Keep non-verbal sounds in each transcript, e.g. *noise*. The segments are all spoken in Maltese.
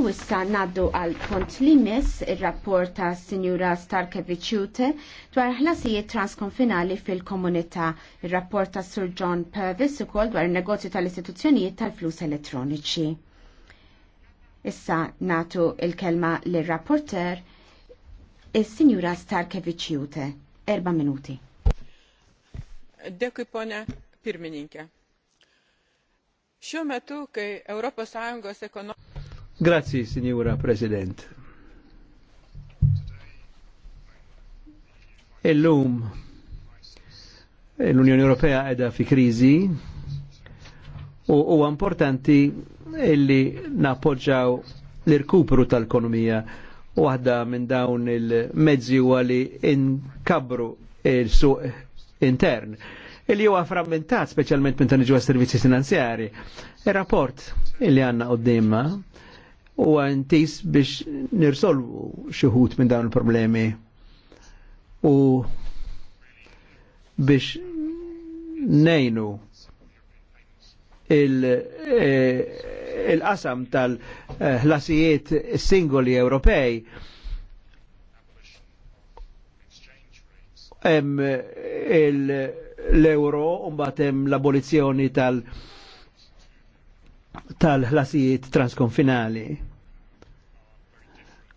U issa naddu għal pont li limes il-rapport ta' Sinjura Starkeviċute dwar ħlasijiet transkonfinali fil-komunità, il-rapport ta' Sir John Purvis u kol dwar negozju tal-istituzzjonijiet tal-flus elettroniċi. Issa natu il-kelma l-rapporter il-Sinjura Starkeviċute. Erba minuti. Dekki pone pirmininke. Šiuo metu, kai Europos Sąjungos ekonomika Grazzi, Signora President. Illum l-Unjoni Ewropea edha fi kriżi u huwa importanti illi nappoġġaw l-irkupru tal-ekonomija waħda minn dawn il-mezzi huwa li inkabru il-suq intern. Illi huwa frammentat speċjalment minn tan servizzi finanzjari. Ir-rapport illi għandna qoddimma u għantis biex nirsolvu xuħut minn dawn il-problemi u biex nejnu e, il-qasam il qasam tal ħlasijiet singoli Ewropej hemm l-euro u mbagħad hemm l-abolizzjoni tal- tal-ħlasijiet transkonfinali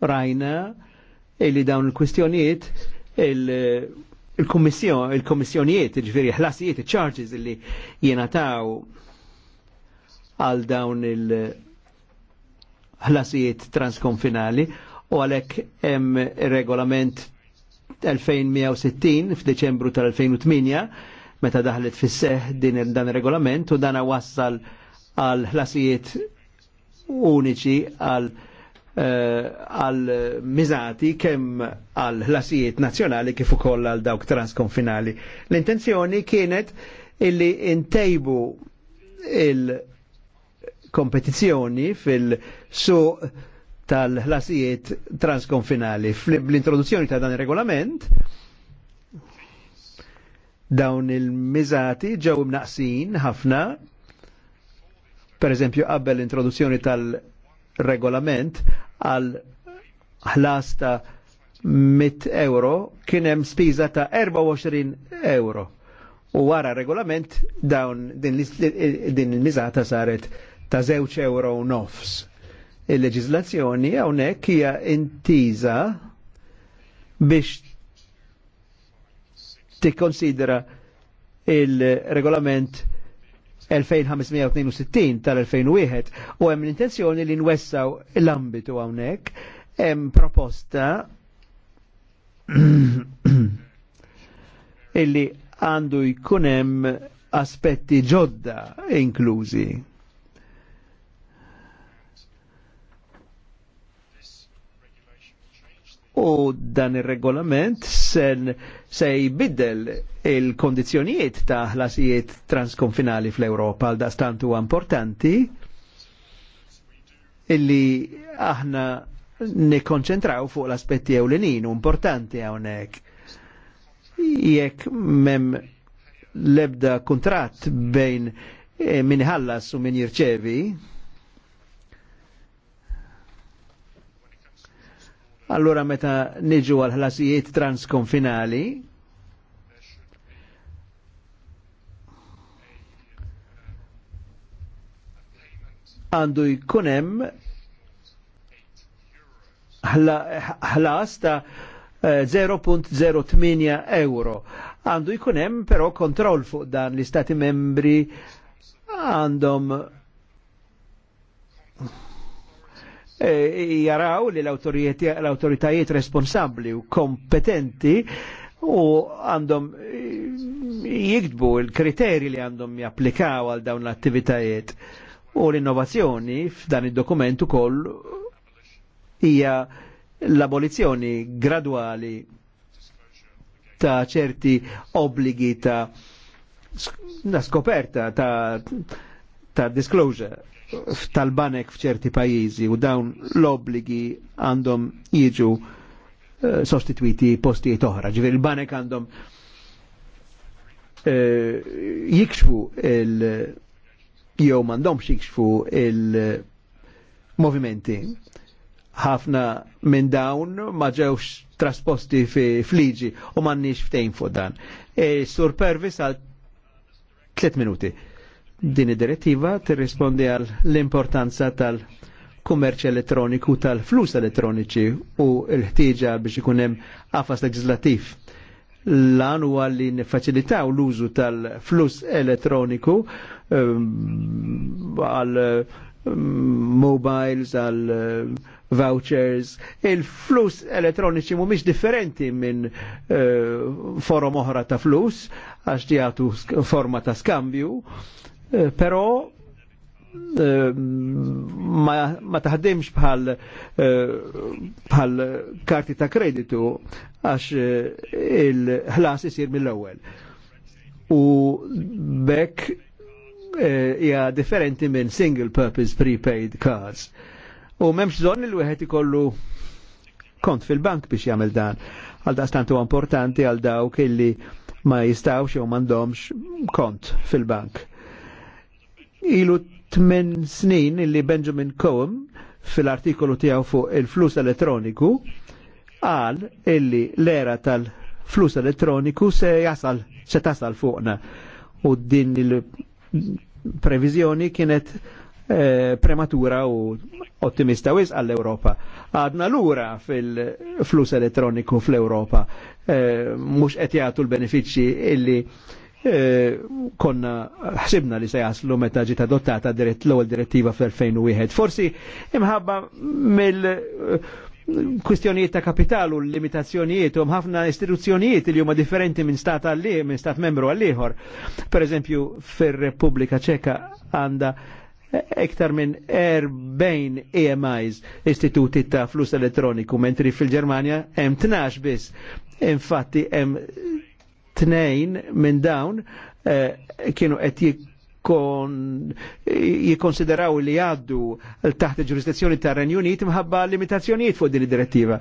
rajna illi dawn il-kwistjonijiet il-kommissjonijiet, il ġviri ħlasijiet, il-charges illi jena taw għal dawn il-ħlasijiet transkonfinali u għalek hemm regolament 2160 f'Deċembru tal-2008 meta daħlet fis seħ din dan regolament u dana wassal għal ħlasijiet uniċi għal Eh, għal miżati kemm għal ħlasijiet nazzjonali kif ukoll għal dawk transkonfinali. L-intenzjoni kienet illi intejbu il-kompetizzjoni fil-suq tal-ħlasijiet transkonfinali. Fl-introduzzjoni ta' dan il-regolament, dawn il-mizati ġew naqsin ħafna, per eżempju qabel l-introduzzjoni tal- regolament għal ħlas ta' 100 euro kien hemm spiża ta' 24 euro. U wara regolament dawn din, il-miżata saret ta' 0 euro u nofs. Il-leġizlazzjoni hawnhekk hija intiża biex tikkonsidra il-regolament 2562 tal-2001 u hemm l-intenzjoni li nwessaw l-ambitu hawnhekk hemm proposta *clears throat* illi għandu jkun hemm aspetti ġodda inklużi. u dan il-regolament se jbiddel il-kondizjonijiet ta' ħlasijiet transkonfinali fl-Europa għal dastantu huwa importanti illi aħna nikkonċentraw fuq l-aspetti ewlenin u importanti hawnhekk. Jekk mem lebda kontrat bejn eh, min ħallas u min jirċevi, Allura meta niġu għal ħlasijiet transkonfinali, għandu jkunem ħlas ta' 0.08 eh, euro. Għandu jkunem però kontroll fuq dan l-istati membri għandhom E, jaraw li l-autoritajiet responsabli u kompetenti u għandhom jikdbu il-kriteri li għandhom japplikaw għal dawn l-attivitajiet u l-innovazzjoni f'dan id-dokument ukoll hija l-abolizzjoni gradwali ta' ċerti obbligi ta' skoperta ta', ta disclosure tal-banek f'ċerti pajjiżi u dawn l-obbligi għandhom jiġu eh, sostituiti postijiet oħra. Ġifieri il-banek għandhom eh, jikxfu il- jew m'għandhomx jikxfu il-movimenti. Ħafna minn dawn ma ġewx trasposti fi fliġi u m'għandniex ftejn fuq dan. E, Sur Pervis għal 3 minuti. Din id-direttiva tirrispondi għal l-importanza tal-kummerċ elettroniku tal-flus elettroniċi u l-ħtieġa biex ikun hemm qafas leġislattiv. Lan u li niffaċilitaw l-użu tal-flus elettroniku ehm, għal ehm, mobiles, għal eh, vouchers, il-flus elettroniċi mumiex differenti minn eh, forum oħra ta' flus, għax forma ta' skambju, Eh, però eh, ma, ma taħdimx bħal eh, bħal karti ta' kreditu għax il-ħlas isir mill-ewwel. U bekk hija differenti minn single purpose prepaid cards. U memx zon il wieħed ikollu kont fil-bank biex jagħmel dan. Għal da stantu importanti għal dawk illi ma jistawx jew m'għandhomx kont fil-bank ilu tmen snin illi Benjamin Cohen fil-artikolu tiegħu fuq il-flus elettroniku qal illi l-era tal-flus elettroniku se jasal se tasal fuqna u din il-previżjoni kienet eh, prematura u ottimista wis għall-Europa. Għadna lura fil-flus elettroniku fl-Europa, eh, mux qed jagħtu l-benefiċċji illi Eh, konna ħsibna li se jaslu meta ġiet adottata l-ewwel direttiva fl-2001. Forsi imħabba mill eh, kwistjonijiet ta' kapitalu, limitazzjonijiet, u ħafna istituzzjonijiet li huma differenti minn stat għalli, minn stat membru għal ieħor Per eżempju, fir-Repubblika Ċeka għandha ektar minn 40 EMIs, istituti ta' flus elettroniku, mentri fil-Germania hemm 12 biss. Infatti hemm Tnejn minn dawn eh, kienu qed kon jikonsideraw li jaddu taħt il-ġurisdizzjoni tar renju Unit mħabba limitazzjonijiet fuq din id-direttiva.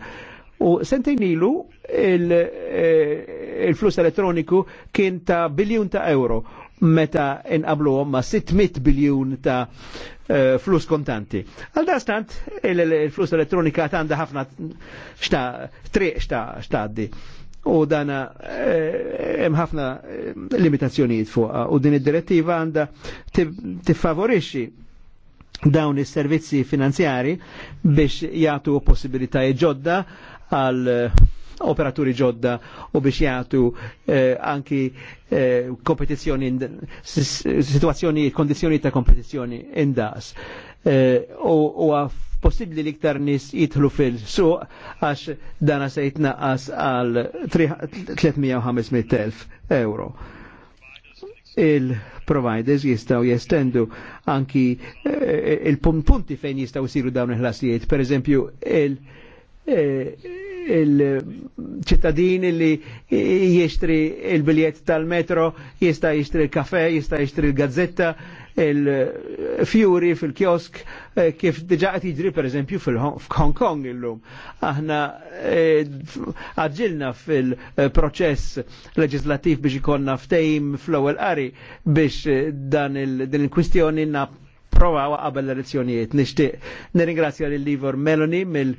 U sentejn ilu eh, il-flus elettroniku kien ta' biljun ta' euro meta inqablu ma 600 biljun ta' eh, flus kontanti. Għal dastant il-flus elettronika għanda ħafna xta' triq xta' Xta u dana eh, hemm ħafna eh, limitazzjonijiet fuqha u din id-direttiva għanda tiffavorixxi dawn is-servizzi finanzjari biex jagħtu possibilitajiet ġodda għal eh, operaturi ġodda u biex jgħatu eh, anki eh, situazzjoni kondizjoni ta' kompetizjoni indas. Eh, u possibli liktar nis jidħlu fil-suq għax dana se jitnaqqas għal 350.000 euro. Il-providers jistaw jestendu anki eh, il-punti fejn jistaw siru dawn il-ħlasijiet, per eżempju il- eh, il-ċittadini li jixtri il biljet tal-metro, jista jixtri il-kafe, jista jixtri il-gazzetta, il-fjuri fil-kiosk, eh, kif diġa qed per eżempju fil-Hong Kong illum. Aħna għadġilna eh, fil-proċess leġislativ biex ikonna ftejm fl ewel qari biex eh, dan il-kwistjoni na prova qabel l-elezzjonijiet. Nixtieq nirringrazzja lil Livor Meloni mill-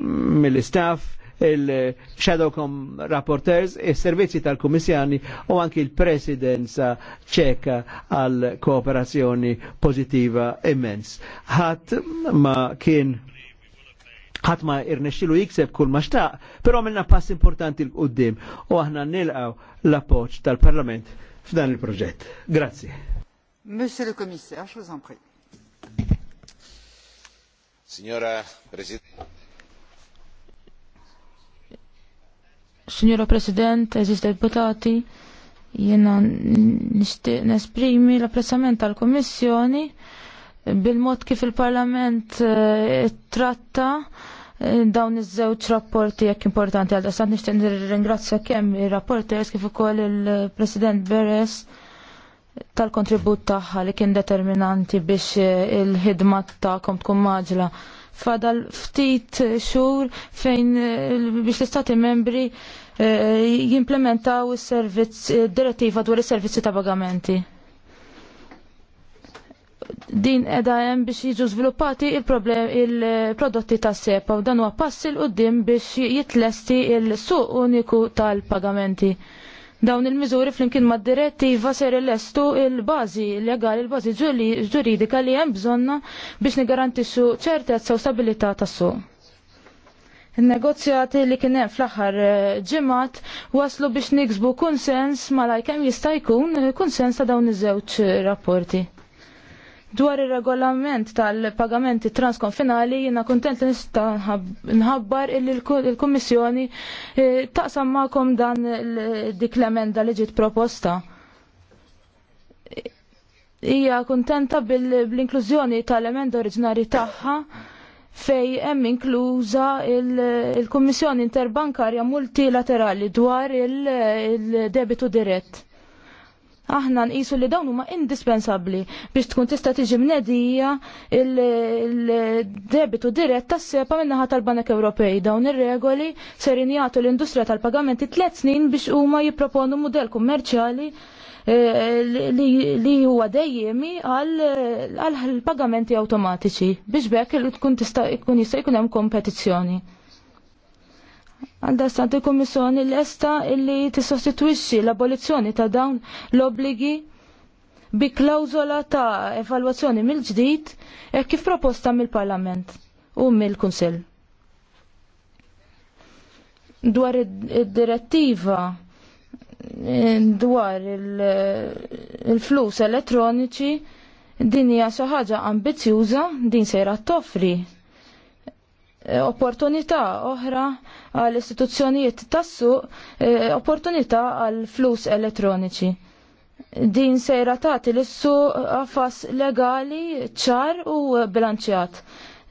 mill-istaff, il-Shadow Com Rapporteurs, il-servizzi tal-Kummissjani u anki il-Presidenza ċeka għal kooperazzjoni pozitiva immens. Ħadd ma kien ħat ma irnexilu jikseb kull ma xtaq, però minna pass importanti l qoddim u aħna nilqaw l appoċ tal-Parlament f'dan il-proġett. Grazie. Monsieur le commissaire, je vous en prie. Signora Presidente. Signora President, eżis deputati, jena nesprimi l-apprezzament tal komissjoni bil-mod kif il-Parlament eh, tratta eh, dawn iż-żewġ rapporti jekk importanti għal dastant nixtieq nirringrazzja kemm ir-rapporters kif ukoll il-President Beres tal-kontribut tagħha li kien determinanti biex eh, il-ħidma tagħkom tkun maġla fadal ftit xhur fejn eh, biex l-istati membri eh, jimplementaw is-servizz eh, direttiva dwar is-servizzi ta' pagamenti. Din edha hemm biex jiġu żviluppati il-prodotti ta' sepa u dan huwa passi l qudiem biex jitlesti il-suq uniku tal-pagamenti. Dawn il-miżuri flimkien mad direttiva ser il-estu il-bazi legali, il-bazi ġuridika li hemm bżonna biex nigarantissu ċertezza u stabilità tas-suq. Il-negozjati li kien hemm fl-aħħar eh, ġimgħat waslu biex niksbu konsens malajkemm jista' jkun eh, konsens ta' dawn iż-żewġ eh, rapporti. Dwar ir-regolament tal-pagamenti transkonfinali jiena kontent nista' nħabbar il-Kommissjoni kummissjoni eh, taqsam magħkom dan dik l-emenda li ġiet proposta. Hija kuntenta bl-inklużjoni tal-emenda oriġinari tagħha fej hemm inkluża il-Kummissjoni Interbankarja Multilaterali dwar il-debitu dirett aħna nqisu li dawn huma indispensabbli biex tkun tista' tiġi mnedija il-debitu dirett tas-sepa minnaħa tal-Banek Ewropej. Dawn ir-regoli serin jagħtu l-industrija tal-pagamenti tliet snin biex huma jipproponu mudell kummerċjali eh, li huwa dejjemi għal pagamenti awtomatiċi biex bekk tkun tista' jkun jista' jkun hemm kompetizzjoni. Għal-dastant il-Komissjoni l-esta illi tissostitwixxi l-abolizzjoni ta' dawn l-obligi bi klawzola ta' evalwazzjoni mill-ġdid e kif proposta mill-Parlament u mill-Kunsill. Dwar id-direttiva eh, dwar il-flus elettroniċi din hija xi ħaġa ambizzjuża din sejra toffri Eh, opportunità oħra għal istituzzjonijiet tassu eh, opportunità għal flus elettroniċi. Din sejra tagħti l-issu għafas legali ċar u bilanċjat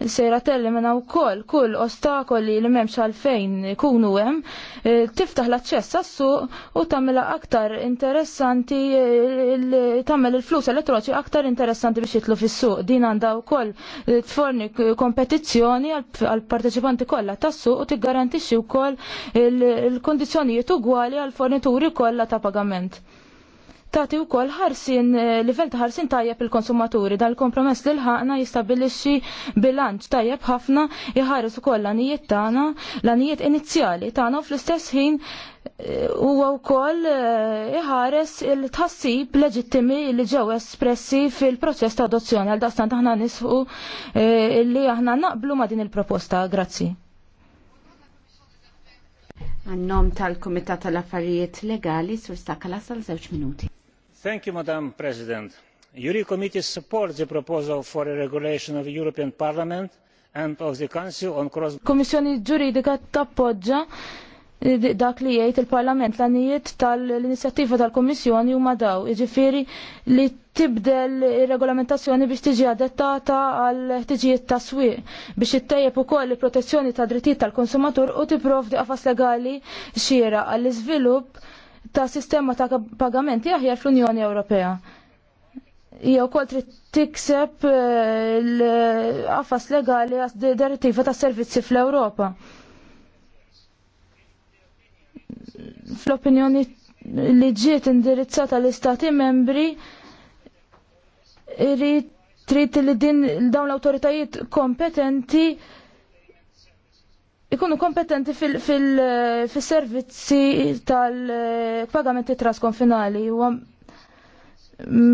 sejra minna u kol, kull ostakoli li memx għalfejn kunu hemm, eh, tiftaħ l-aċċess għas-suq u tagħmilha aktar interessanti, eh, tagħmel il-flus elettroċi aktar interessanti biex jitlu fis-suq. Din għandha wkoll eh, tforni kompetizzjoni għall-parteċipanti kollha tas-suq u tiggarantixxi wkoll il-kondizzjonijiet ugwali għall-fornituri kollha ta' pagament tagħti wkoll ħarsin eh, livell ta' ħarsin tajjeb il-konsumaturi dal-kompromess li ħana jistabbilixxi bilanċ tajjeb ħafna iħares ukoll l-anijiet tagħna, l-anijiet inizjali tagħna u fl-istess ħin eh, huwa wkoll eh, iħares il-tħassib leġittimi li ġew espressi fil-proċess ta' adozzjoni għal dastan aħna nisħu li aħna naqblu ma' din il-proposta. Grazzi. Għannom tal-Komitat tal-Affarijiet Legali sur stakala sal żewġ minuti. You, madam president the juri committee supports the proposal for a regulation of the european parliament and of the council on cross kummissjoni ġuridika tappoġġa eh, dak li jgħid il-Parlament l-għanijiet tal-inizjattiva tal kummissjoni huma daw, jiġifieri li tibdel ir-regolamentazzjoni biex tiġi adattata għal ħtiġijiet ta' swieq biex ittejjeb ukoll il-protezzjoni ta' drittijiet tal-konsumatur u tipprovdi qafas legali xiera għall-iżvilupp ta' sistema ta' pagamenti aħjar fl-Unjoni Ewropea. Jew kol trid tikseb eh, l-qafas legali għas direttiva ta' servizzi fl-Ewropa. Fl-opinjoni li ġiet indirizzata l-Istati membri trid li din dawn l-autoritajiet kompetenti ikunu kompetenti fil-servizzi tal-pagamenti trasconfinali u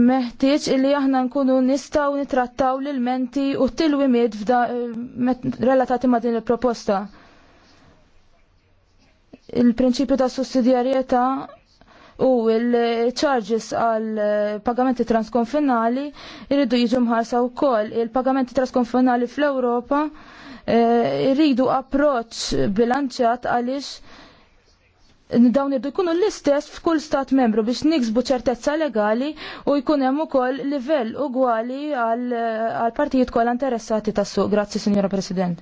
meħtieġ illi aħna nkunu nistaw nitrattaw l-menti u t tilwimid relatati ma' din il-proposta. Il-prinċipju ta' sussidjarjetà u il-charges għal pagamenti transkonfinali irridu jiġu mħarsa wkoll il-pagamenti transkonfinali fl-Ewropa Eh, rridu approċ bilanċat għaliex dawn irdu jkunu l-istess f'kull stat membru biex niksbu ċertezza legali u jkun hemm ukoll livell ugwali għal partijiet kollha interessati tas-suq. Grazzi, Sinjora President.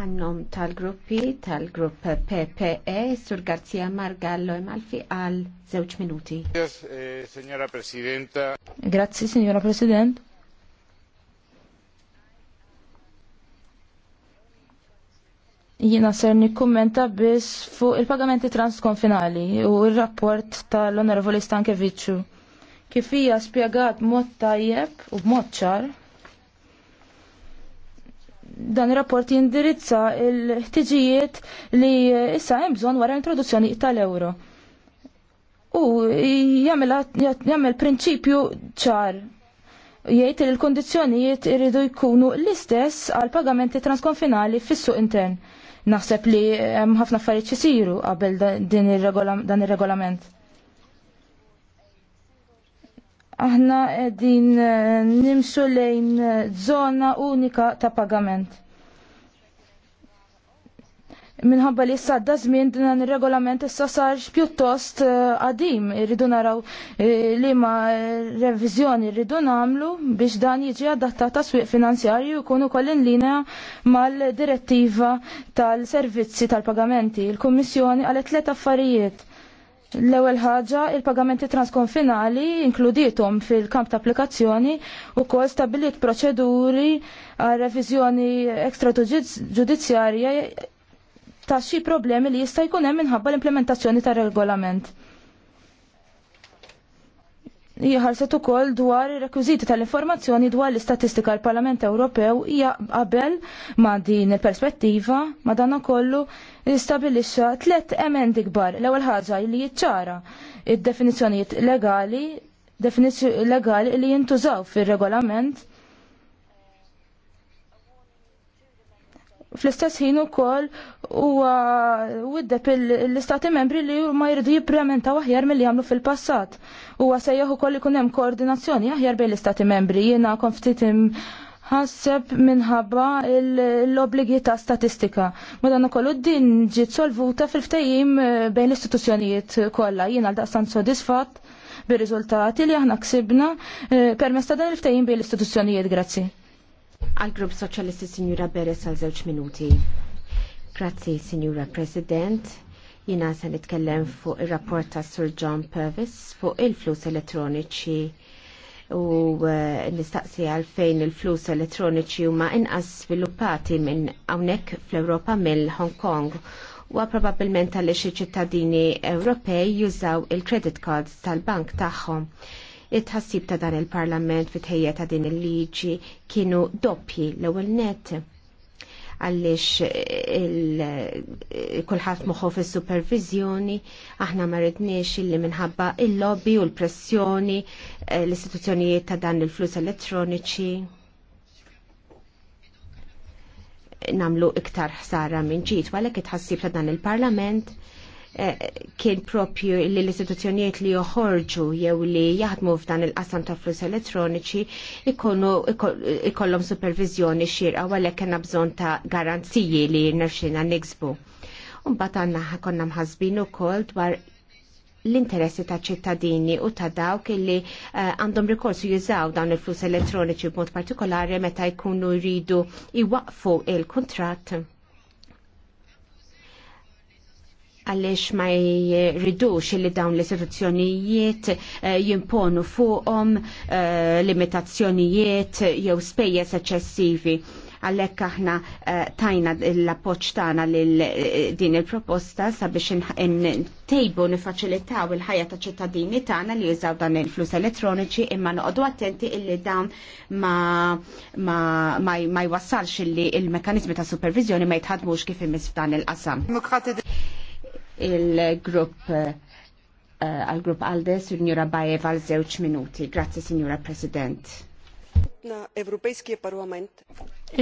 għannom tal-gruppi, tal-grupp PPE, Sur Garzia Margallo e Malfi għal zewċ minuti. Grazie, eh, signora Presidenta. Grazie, signora President. Jina ser nikkummenta biss fuq il-pagamenti transkonfinali u il-rapport tal-Onorevoli Stankeviċu. Kif hija spjegat mod tajjeb u b'mod ċar, dan ir-rapport jindirizza l-ħtiġijiet li issa hemm bżonn wara l-introduzzjoni tal-euro. U jagħmel prinċipju ċar jgħid li l kundizzjonijiet irridu jkunu l-istess għal pagamenti transkonfinali fis-suq intern. Naħseb li hemm ħafna affarijiet isiru qabel dan ir-regolament. Aħna qegħdin eh, nimxu lejn żona eh, unika ta' pagament minħabba li s-sadda zmin dinan il-regolament issa sar pjuttost eh, għadim irridu naraw eh, li ma revizjoni irridu namlu biex dan jiġi adattat ta' swieq finanzjarju jkunu kollin linja mal-direttiva tal-servizzi tal-pagamenti. Il-Kommissjoni għal tlet affarijiet. L-ewwel ħaġa il-pagamenti transkonfinali inkludietom fil-kamp ta' applikazzjoni u kol stabilit proċeduri għal reviżjoni ekstra ġudizzjarja ta' xi problemi li jista' jkun hemm minħabba l-implementazzjoni tar-regolament. Jħarset ukoll dwar ir-rekwiżiti tal-informazzjoni dwar l-istatistika l-Parlament Ewropew hija qabel ma' din il-perspettiva ma' dan ukollu jistabilixxa tliet emendi kbar. L-ewwel ħaġa li jiċċara id-definizzjonijiet legali definizzjoni legali li jintużaw fir-regolament fl-istess ħin ukoll huwa widdeb l-istati membri li ma jridu jipprementaw aħjar milli jagħmlu fil-passat. Huwa sejjaħ ukoll ikun hemm koordinazzjoni aħjar bejn l-istati membri jiena ftit ħasseb minħabba l obbligi ta' statistika. Madan ukoll din ġiet solvuta fil-ftehim eh, bejn l-istituzzjonijiet kollha. Jiena għal-daqstan sodisfatt bir-riżultati li aħna ksibna eh, permezz ta' dan il-ftehim bejn l-istituzzjonijiet. Grazzi. Għal grupp Soċjalisti Sinjura Beres għal żewġ minuti. Grazzi, Sinjura President. Jina se nitkellem fuq ir-rapport ta' Sir John Purvis fuq il-flus elettroniċi u eh, nistaqsi għal fejn il-flus elettroniċi huma inqas sviluppati minn hawnhekk fl-Ewropa mill Hong Kong u probabbilment għaliex iċ-ċittadini Ewropej jużaw il-credit cards tal-bank tagħhom it tħassib ta' dan il-Parlament fit tħejja ta' din il-liġi kienu doppji l-ewwel net għalliex eh, kulħadd moħħu fis-supervizjoni, aħna ma rridniex illi minħabba il-lobby u l-pressjoni eh, l-istituzzjonijiet ta' dan il-flus elettroniċi namlu iktar ħsara minn ġit, għalhekk it-ħassib ta' dan il-Parlament Eh, kien propju li l-istituzzjonijiet li joħorġu jew li jaħdmu f'dan il-qasam ta' flus elettroniċi ikonu ikollhom supervizjoni xierqa għalhekk kena bżonn ta' garanziji li nerxina niksbu. Mbagħad għandna konna mħasbin ukoll dwar l-interessi ta' ċittadini u ta' dawk li eh, għandhom uh, rikorsu jużaw dawn il-flus elettroniċi b'mod partikolari meta jkunu jridu iwaqfu il kuntratt għaliex ma jridux li dawn l-istituzzjonijiet eh, jimponu fuqhom eh, limitazzjonijiet jew spejjeż eċċessivi għalhekk aħna eh, tajna l-appoċ tagħna lil din il-proposta sabiex intejbu nifaċilitaw il-ħajja ta' ċittadini tagħna li jużaw dan il-flus elettroniċi imma noqogħdu attenti illi dawn ma, ma, ma, ma jwassalx illi il-mekkaniżmi ta' supervizjoni ma jitħadmux kif imiss f'dan il-qasam il-grupp eh, għal-grupp Aldes, Signora Bajev għal żewġ minuti. Grazie, Signora President.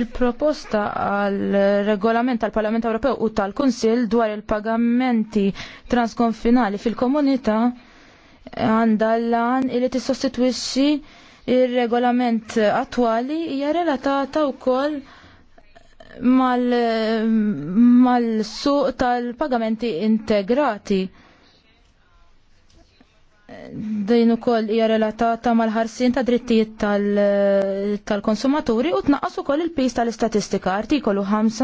Il-proposta għal regolament tal-Parlament Ewropew u tal-Kunsil dwar il-pagamenti transkonfinali fil-komunità għandha l-għan li tissostitwixxi il-regolament attwali hija relatata wkoll mal-suq mal tal-pagamenti integrati. Din ukoll hija relatata mal-ħarsin ta' drittijiet tal-konsumaturi tal u tnaqqas ukoll il-pis tal-istatistika artikolu 5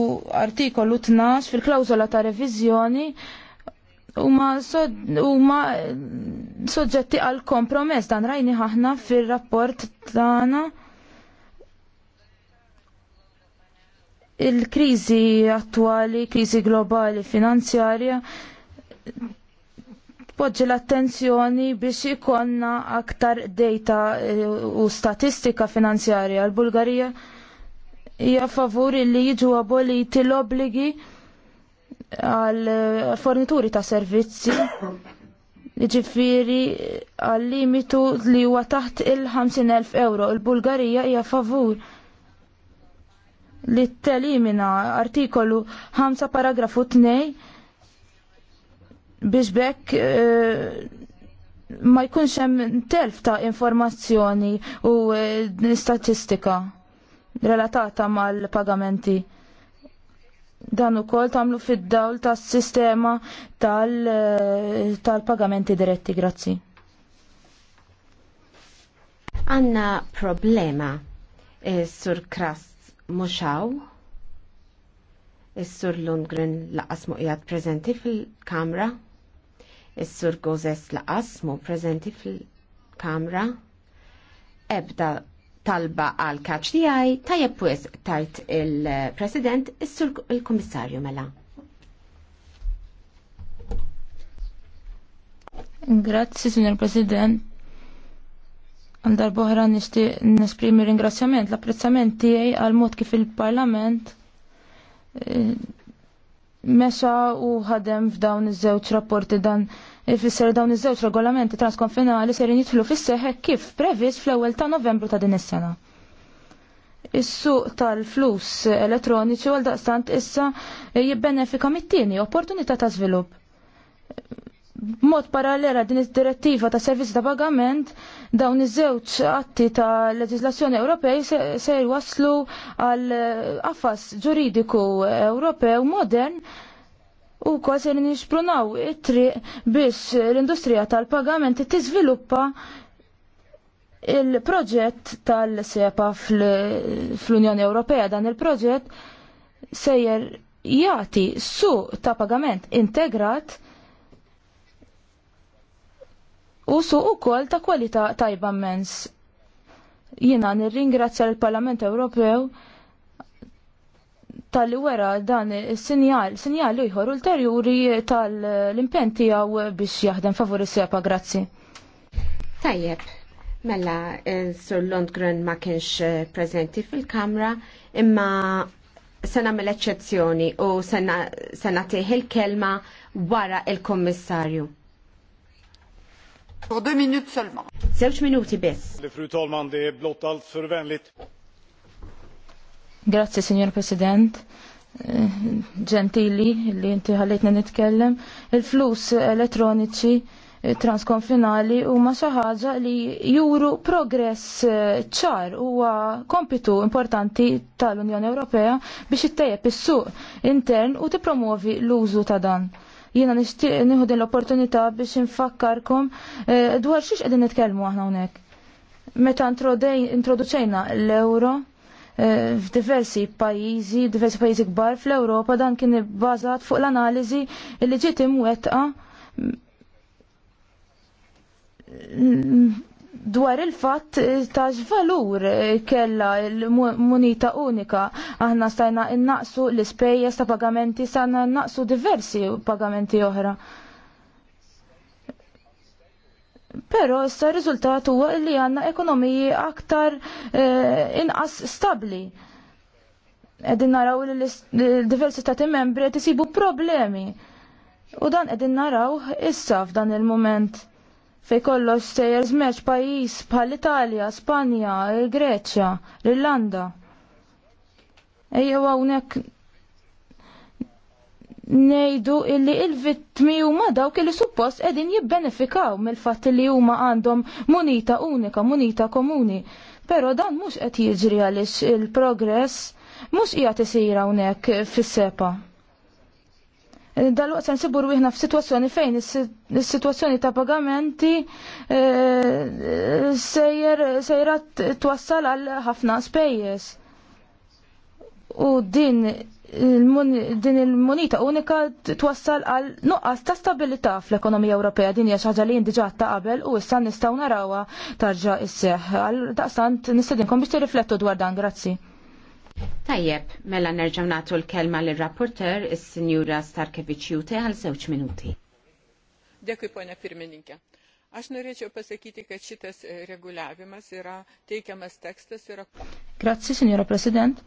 u artikolu 12 fil-klawżola ta' reviżjoni huma huma soġġetti għal kompromess dan rajni ħaħna fir-rapport tagħna. il-kriżi attwali, kriżi globali finanzjarja, poġġi l-attenzjoni biex ikonna aktar data eh, u statistika finanzjarja. L-Bulgarija hija favuri li jiġu aboliti l-obligi għal fornituri ta' servizzi ġifiri għal limitu li huwa taħt il-50.000 euro. Il-Bulgarija hija favur li telimina artikolu 5 paragrafu 2 biex bekk e, ma jkunx hemm telf ta' informazzjoni u e, statistika relatata mal-pagamenti dan ukoll tagħmlu fid-dawl tas-sistema e, tal-pagamenti diretti, grazzi. Għanna problema, Sur Kras, muxaw Is-sur Lundgren laqas muqijat prezenti fil-kamra. Is-sur Gozes laqas mu prezenti fil-kamra. Ebda talba għal kaċ DI, għaj tajab tajt il-president is-sur il-komissarju mela. Grazzi, signor President. Għandar boħra nishti nesprimi ringrazzjament, l-apprezzament tiegħi għal mod kif il-Parlament eh, Mesa u ħadem f'dawn iż-żewġ rapporti dan ifisser dawn iż-żewġ regolamenti transkonfinali ser jitflu fis-seħħ kif previst fl-ewwel ta' Novembru ta' din is-sena. Is-suq tal-flus elettroniċi għal daqstant issa jibbenefika mit-tieni opportunità ta' żvilupp Mod parallela din id-direttiva ta' servizzi ta' pagament dawn iż-żewġ atti ta' leġislazzjoni Ewropej se jwaslu għal eh, affas ġuridiku Ewropew modern u kważi li nixprunaw it-triq biex l-industrija tal-pagament tiżviluppa il-proġett tal-sepa fl-Unjoni Ewropea dan il-proġett sejjer jati su ta' pagament integrat u suq ukoll ta' kwalità tajba mens. Jiena nirringrazzja l-Parlament Ewropew tal-li wera dan is-sinjal, sinjal jħor ulterjuri tal-impenn tiegħu biex jaħdem favori sepa grazzi. Tajjeb, mela eh, Sur Lundgren ma kienx eh, prezenti fil-kamra, imma se nagħmel eċċezzjoni u se nagħtih il-kelma wara il-Kummissarju. For deux minutes seulement. Zewċ minuti biss. Fru talman, det är blott allt för vänligt. Grazie, signor President. Eh, gentili li inti ħallejtna nitkellem. Il-flus elettroniċi eh, transkonfinali u ma ħaġa li juru progress eh, ċar huwa kompitu importanti tal-Unjoni Ewropea biex it-tejep is-suq intern u tippromovi l-użu ta' dan. Jiena nixtieq nieħu din l-opportunità biex infakkarkom eh, dwar xiex qegħdin nitkellmu aħna hawnhekk. Meta introduċejna l-euro eh, f'diversi pajjiżi, diversi pajjiżi kbar fl-Ewropa dan kien ibbażat fuq l-analiżi li ġiet imwettqa dwar il-fatt eh, ta' valur eh, kella l-munita unika. Aħna stajna innaqsu l-ispejjeż ta' pagamenti stajna innaqsu diversi pagamenti oħra. Pero issa r-riżultat huwa li għandna ekonomiji aktar eh, inqas stabbli. Qegħdin naraw li l-diversi stati membri qed isibu problemi. U dan qegħdin naraw issa f'dan il-moment fej kollox se żmeġ pajjiż bħal italja Spanja, il-Greċja, l-Irlanda. Ejjew hawnhekk nejdu illi il-vittmi huma dawk kelli suppost qegħdin jibbenefikaw mill-fatt li huma għandhom munita unika, munita komuni. Però dan mhux qed jiġri għaliex il-progress mhux qiegħed isir hawnhekk fis-sepa dal-waqt se nsibur f f'sitwazzjoni fejn is-sitwazzjoni ta' pagamenti eh, sejra sejra twassal għal ħafna spejjeż. U din din il-munita unika twassal għal nuqqas ta' stabilità fl-ekonomija Ewropea din hija xi ħaġa li jindiġa ta' qabel u issa nistgħu narawha tarġa' isseħħ. Għal daqstant nistedinkom biex tirriflettu dwar dan, grazzi. Tajjeb, mela nerġaw natu l-kelma l rapporter il sinjura Starkevich Jute għal żewġ minuti. Dekuj pojna pirmininkė. Aš norėčiau pasakyti, kad šitas reguliavimas yra teikiamas tekstas yra. Grazie, signora President.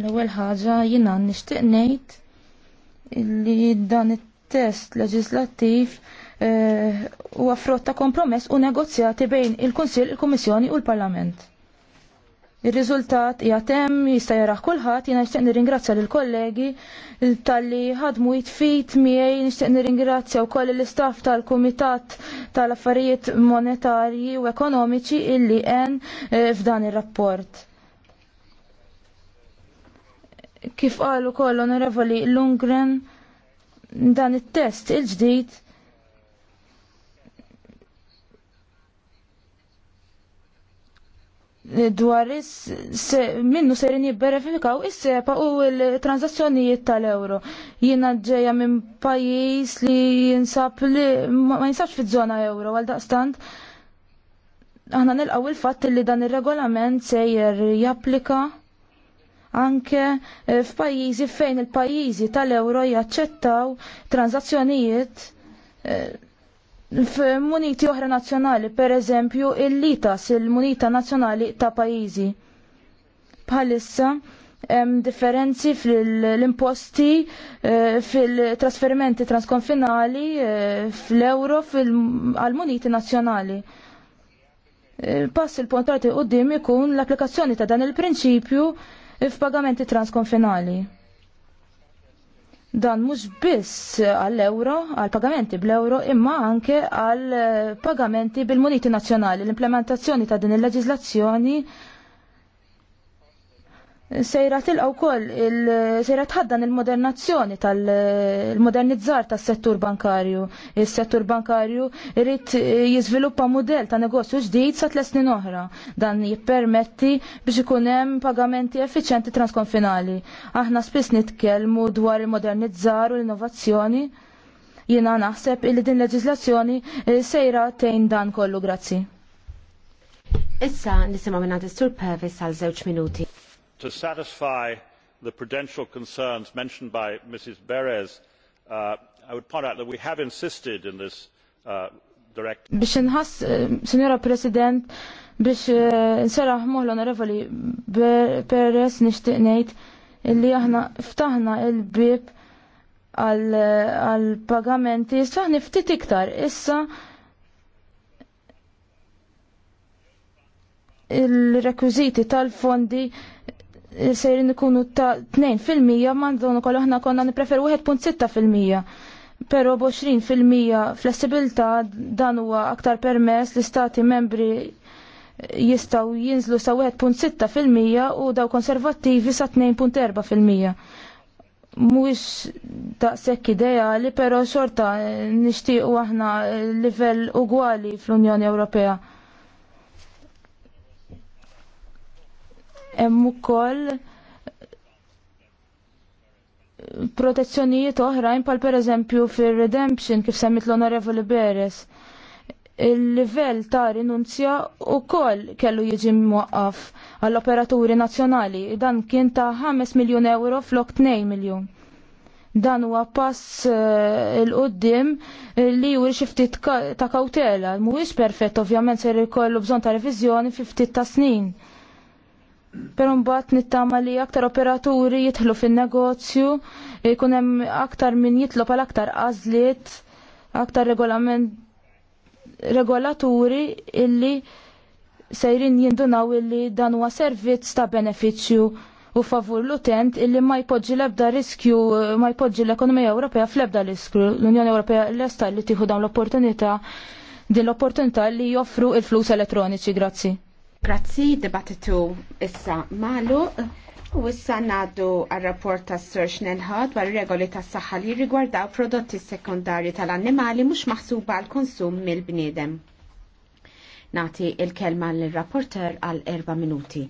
l ewel ħaġa jina nixtieq ngħid li dan il test leġislattiv Eh, u affrott ta' kompromess u negozjati bejn il-Kunsill, il-Kummissjoni u l-Parlament. Ir-riżultat jatem jista' jaraħ kulħadd jiena nixtieq nirringrazzja l kollegi tal-li ħadmu jitfit miej nixtieq nirringrazzja wkoll l-istaff tal-Kumitat tal-Affarijiet Monetarji u Ekonomiċi illi għen eh, f'dan ir-rapport kif qalu koll onorevoli Lundgren dan it-test il-ġdid dwar minnu serin jibberifikaw is-sepa u l-transazzjonijiet tal-euro. Jiena ġeja minn pajjiż li jinsab li ma jinsabx fiż-żona euro għal daqstant. Aħna nilqaw il-fatt li dan ir-regolament sejjer japplika anke eh, f'pajjiżi fejn il-pajjiżi tal-euro jaċċettaw transazzjonijiet eh, F'muniti oħra nazzjonali, per eżempju, il-litas, il-munita nazzjonali ta' pajizi. Bħalissa, hemm differenzi fil-imposti eh, fil-trasferimenti transkonfinali eh, fl-euro għal-muniti nazzjonali. Eh, pass il-pontrati d-dim ikun l-applikazzjoni ta' dan il-prinċipju f'pagamenti transkonfinali. Dan mhux biss għall-euro, għall pagamenti bl-euro, imma anke għall pagamenti bil-muniti nazzjonali. L-implementazzjoni ta' din il-leġiżlazzjoni sejra tilqaw kol, sejra tħaddan il-modernazzjoni tal-modernizzar tas settur bankarju. Il-settur bankarju irrit jizviluppa model ta' negozju ġdijt sa' tles snin oħra. Dan jippermetti biex ikunem pagamenti effiċenti transkonfinali. Aħna spiss nitkelmu dwar il-modernizzar u l-innovazzjoni. Jina naħseb il din leġizlazzjoni eh, sejra tejn dan kollu grazzi. Issa nisimaw minna għad Sur Pervis għal żewġ minuti to satisfy the prudential concerns mentioned by mrs bers uh, i would point out that we have insisted in this uh, directive biex uh, president biex nseraħ onorevoli illi aħna ftaħna bib għal pagamenti niftit iktar issa il-rekwiziti tal-fondi sejrin ikunu ta' 2% man dawn ukoll aħna konna nipreferu 1.6%. Pero b fil-mija flessibilta dan huwa aktar permess li stati membri jistaw jinżlu sa 1.6% u daw konservattivi sa 2.4%. Mhuwiex daqshekk ideali, pero xorta nixtiequ aħna livell ugwali fl-Unjoni Ewropea. hemm ukoll protezzjonijiet oħrajn pal pereżempju fir-redemption kif semmit l-Onorevoli Beres. Il-livell ta' rinunzja u koll kellu jiġi mwaqqaf għall-operaturi nazzjonali. Dan kien ta' 5 miljon euro flok 2 miljon. Dan huwa pass eh, il-qoddim eh, li xi ftit ta' kautela. Mhuwiex perfett ovvjament se jkollu bżonn ta' reviżjoni fi ftit ta' snin Pero mbagħad nittama li aktar operaturi jidħlu fin-negozju, jkun hemm aktar min jitlob għal aktar għażliet, aktar regolament regolaturi illi sejrin jindunaw illi dan huwa servizz ta' benefiċċju u favur l-utent illi ma jpoġġi l-ebda riskju, ma jpoġġi l-ekonomija Ewropea fl-ebda riskju. L-Unjoni Ewropea l-esta li tieħu dawn l-opportunità, din l-opportunità li joffru il-flus elettroniċi, grazzi. Grazzi, dibattitu issa malu. U issa nadu għal-rapport ta' Sir Schnellhod dwar regoli ta' saħħa li rigwardaw prodotti sekundarji tal-annimali mhux maħsuba għal konsum mill-bniedem. Nati il-kelma l-rapporter għal erba' minuti.